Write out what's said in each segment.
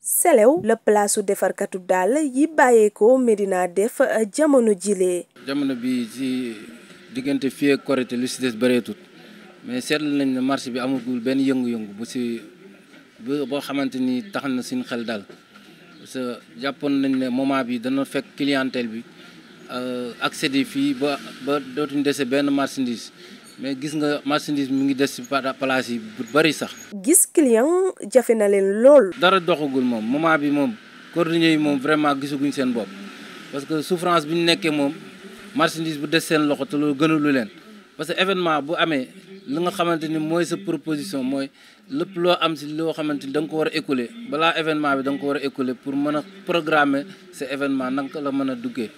selew la palaasu defarkatu daal yi bàyyeekoo Medina def uh, jamono jile jamono bi ci diggante fii ak Korité lu si des bëreetut mais seetlu nañ ne marché bi amagul benn yëngu-yëngu bu si boo xamante ni tax na suñu xel dal parce jàppoon nañ ne moment bi dana fekk clientèle bi uh, accéder fii ba ba dootuñ dese benn marchandise mais gis nga marchandise mu ngi des ci place yi bu bari sax. gis client jafe na leen lool. dara doxagul moom moment bi moom cordonnier yi moom vraiment gisaguñ seen bopp parce que souffrance bi ñu nekkee moom marchandise bu des seen loxo te loolu gënalu leen parce que événement bu amee li nga xamante ni mooy sa proposition mooy lépp loo am si loo xamante ni da ko war a écouler balaa événement bi da ko war a écouler pour mën a programmer sa événement naka la mën a duggee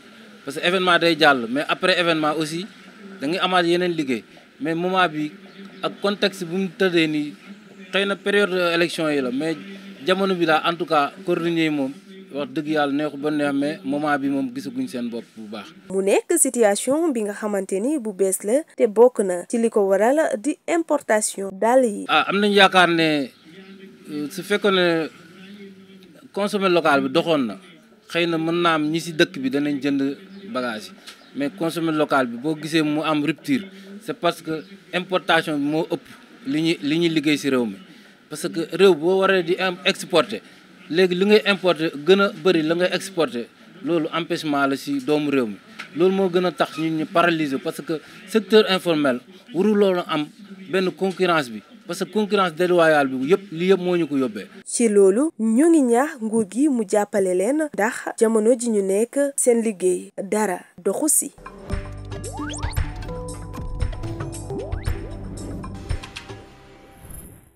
parce que événement day jàll mais après événement aussi da ngay yeneen liggéey. mais moment bi ak contexte bu mu tëddee nii xëy na période élection yi la mais jamono bi daal en tout cas cordonnier yi moom wax dëgg yàlla neexu ba neex mais moment bi moom gisaguñ seen bopp bu baax. mu nekk situation bi nga xamante ni bu bees la te bokk na ci li ko waral di importation dal yi. ah am nañ yaakaar ne euh, su fekkoon ne consommer local bi doxoon na xëy na mën naa am ñi si dëkk bi danañ jënd. bagage yi mais consommé local bi boo gisee mu am rupture c'est parce que importation bi moo ëpp li ñuy li ñuy liggéey ci réew mi parce que réew boo waree di exporter léegi li ngay importer gën a bëri la ngay exporter loolu empêchement la ci doomu réew mi loolu moo gën a tax ñu ñu paralyser parce que secteur informel waru loolu am benn concurrence bi parce que concurrence déloyale bi yëpp li yëpp moo ñu ko yóbbee. ci loolu ñu ngi ñaax nguur gi mu jàppale leen. ndax jamono ji ñu nekk seen liggéey dara doxu si.